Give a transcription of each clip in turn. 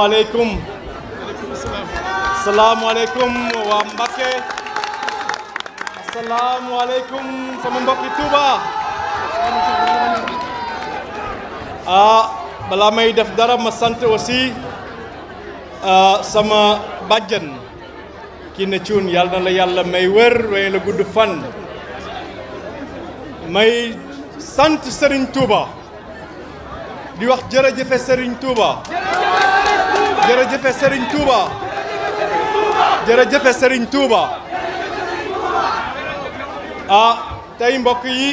salaamaaleykum. waaleykum salaam. salaamaaleykum waa Mbakke. salaamaaleykum sama mbokki Touba. ah balaa may def dara ma sant aussi ah, sama bàjjen ki ne cuun yàlla na la yàlla may wër wey la gudd fan. may sant Serigne Touba. di wax jërëjëfe sëriñ Touba. jërëjëfe Serigne Touba jërëjëfe Serigne Touba ah tey mbokk yi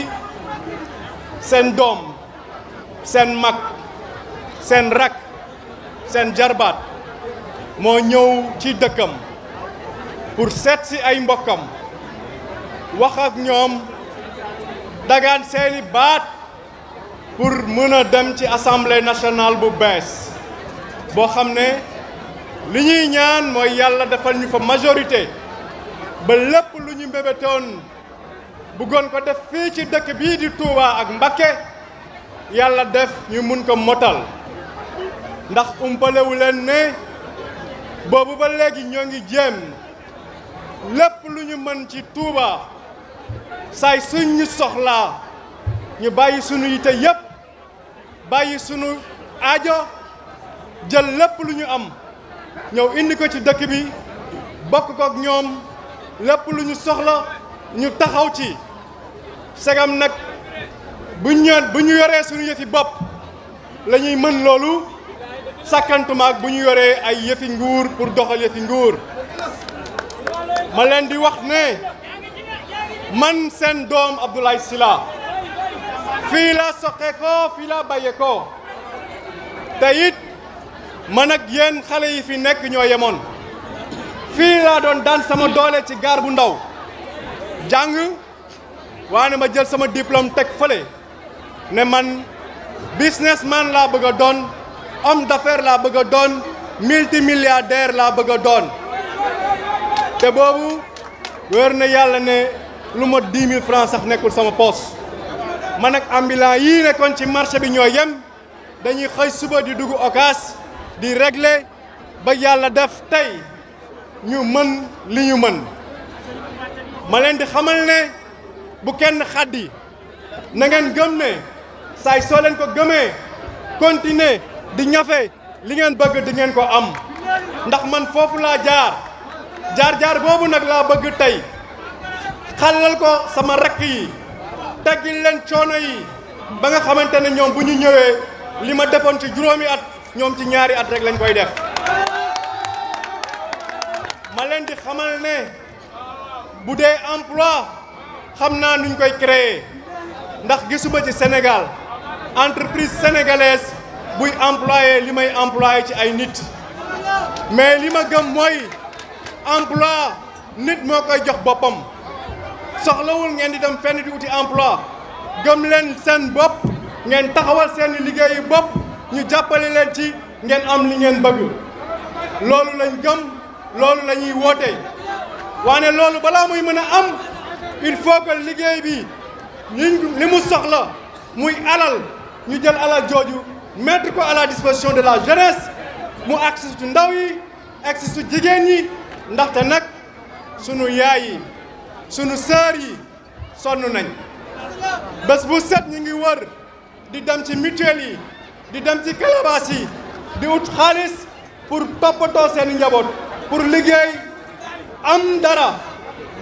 seen doom seen mag seen rak seen jarbaat moo ñëw ci dëkkam pour seet si ay mbokkam wax ak ñoom dagan seeni baat pour mën a dem ci assemblée nationale bu bees boo xam ne li ñuy ñaan mooy yàlla defal ñu fa majorité ba lépp lu ñu mbébétoon bëggoon ko def fii ci dëkk bii di Touba ak Mbacké yàlla def ñu mun ko motal ndax umpalewu leen ne boobu ba léegi ñoo ngi jéem lépp lu ñu mën ci Touba saay suñ ñu soxlaa ñu bàyyi sunu yite yépp bàyyi sunu ajo jël lépp lu ñu am ñëw indi ko ci dëkk bi bokk ko ak ñoom lépp lu ñu soxla ñu taxaw ci segam nag bu ñu bu ñu yoree suñu yëfi bopp la ñuy mën loolu sàkkantumaak bu ñu yoree ay yëfi nguur pour doxal yëfi nguur ma leen di wax ne man seen doom Abdoulaye Sylla fii la soqee ko fii la bàyyee ko te man ak yéen xale yi fi nekk ñoo yemoon fii laa doon daan sama doole ci gaar bu ndaw jàng waane ma jël sama diplôme teg fële ne man businessman laa bëgg a doon homme d'affaires laa bëgg a doon multimilliardaire laa bëgg a doon te boobu wér na yàlla ne lu ma dix mille francs sax nekkul sama poos man ak ambulant yii nekkoon ci marché bi ñoo yem dañuy xëy suba di dugg occas di régler ba yàlla def tey ñu mën li ñu mën ma leen di xamal ne bu kenn xaddi na ngeen gëm ne saay soo leen ko gëmee continuer di ñafe li ngeen bëgg di ngeen ko am ndax man foofu laa jaar jaar-jaar boobu nag laa bëgg tey xalal ko sama rakk yi teggil leen coono yi ba nga xamante ne ñoom bu ñu ñëwee li ma defoon ci juróomi at ñoom ci ñaari at lañ koy def ma leen di xamal ne bu dee emploi xam naa nuñ koy créer ndax gisuma ci Sénégal entreprise sénégalaise buy employé li may employé ci ay nit mais li ma gëm mooy emploi nit moo koy jox boppam soxlawul ngeen di dem fenn di wuti emploi gëm leen seen bopp ngeen taxawal seen liggéeyu bopp ñu jàppale leen ci ngeen am li ngeen bëgg loolu lañ gëm loolu la ñuy woote waane loolu balaa muy mën a am il faut que liggéey bi ñu li mu soxla muy alal ñu jël alal jooju metti ko à la disposition de la jeunesse mu agsi su ndaw yi agsi su jigéen ñi ndaxte nag sunu yaay yi sunu sœur yi sonn nañ bés bu set ñu ngi wër di dem ci mutuelle yi di dem ci kalabaas yi di wut xaalis pour toppatoo seen njaboot pour liggéey am dara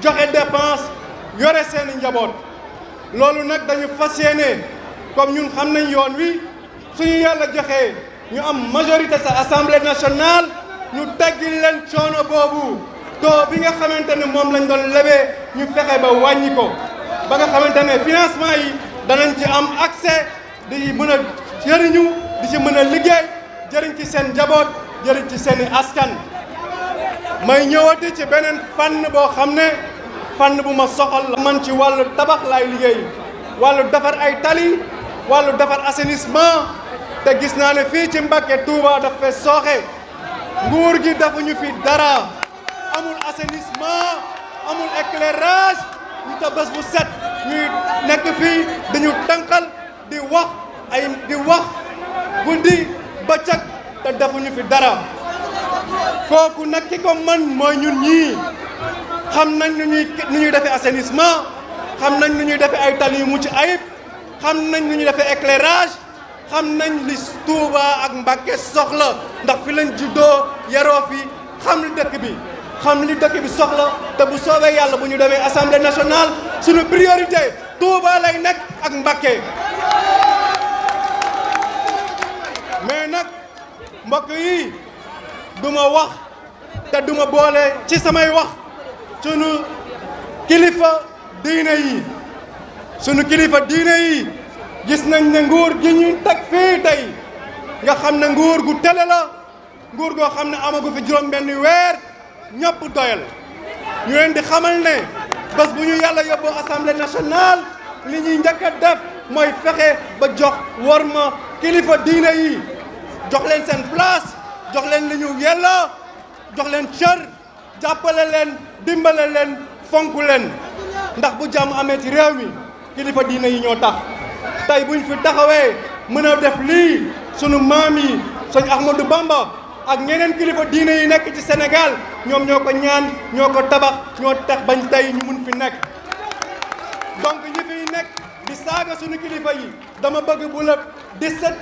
joxe dépense yore seen njaboot loolu nag dañu fas yéene comme ñun xam nañ yoon wi suñu yàlla joxee ñu am majorité sa assemblée nationale ñu teggil leen soono boobu taux bi nga xamante ne moom lañ doon lebee ñu fexe ba wàññi ko ba nga xamante ne financement yi danañ ci am accès di mën a jëriñu di ci mën a liggéey jëriñ ci seen njaboot jëriñ ci seen askan may ñëwati ci beneen fànn boo xam ne fànn bu ma soxal man ci wàllu tabax laay liggéey wàllu defar ay tali wàllu defar assainissement te gis naa ne fii ci Mbacke Touba daf fee sooxe nguur gi defuñu fi dara amul assainissement amul éclairage ñu ta bu set ñuy nekk fii dañu tànqal di wax ay di wax gundi bëccëg te defuñu fi dara kooku nag ki ko mën mooy ñun ñii xam nañ nu ñuy nu ñuy defee assainissement xam nañ nu ñuy defee ay tali yu mucc ayib xam nañ nu ñuy defee éclairage xam nañ li Touba ak Mbacké soxla ndax fi lañ juddoo yaroo fi xam li dëkk bi xam li dëkk bi soxla te bu soobee yàlla bu ñu demee assemblée nationale suñu priorité Touba lay nekk ak Mbacké mais nag mbokk yi du ma wax te du ma boole ci samay wax sunu kilifa diine yi sunu kilifa diine yi gis nañ ne nguur gi ñu teg fii tey nga xam ne nguur gu tele la nguur goo xam ne amagu fi juróom-benn weer ñëpp doyal ñu leen di xamal ne bés bu ñu yàlla yóbbu assemblée nationale li ñuy njëkk def mooy fexe ba jox war ma kilifa diine yi. jox leen seen place jox leen li ñu yelloo jox leen cër jàppale leen dimbale leen fonk leen ndax bu jàmm amee ci réew mi kilifa diina yi ñoo tax tey buñ fi taxawee mën a def lii sunu maam yi sëñ Ahmadou Bamba ak ñeneen kilifa diina yi nekk ci Sénégal ñoom ñoo ko ñaan ñoo ko tabax ñoo tax bañ tey ñu mun fi nekk donc ñi fiy nekk di saaga suñu kilifa yi dama bëgg bu la 17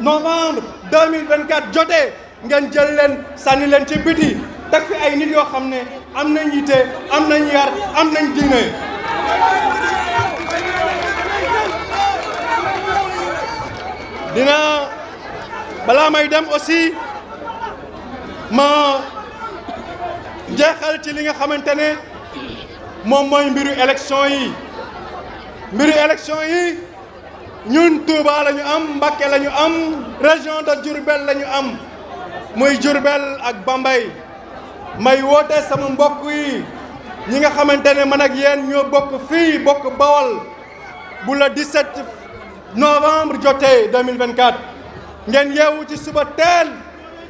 novembre 2024 jote ngeen jël leen sànni leen ci biti teg ay nit yoo xam ne am nañ yitte am nañ yar am nañ diine. dina balaa may dem aussi ma jeexal ci li nga xamante ne moom mooy mbiru élection yi mbiru élection yi. ñun Touba la am Mbacké lañu am région de Diourbel lañu am muy Diourbel ak bambay may woote sama mbokk yi ñi nga xamante ne man ak yéen ñoo bokk fii bokk Bawol bu la 17 novembre jotee 2024 ngeen yeewu ci suba teel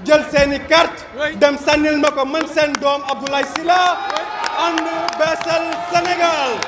jël seeni carte dem sànnil ma ko man seen doom Abdoulaye Sylla ànd beesal Sénégal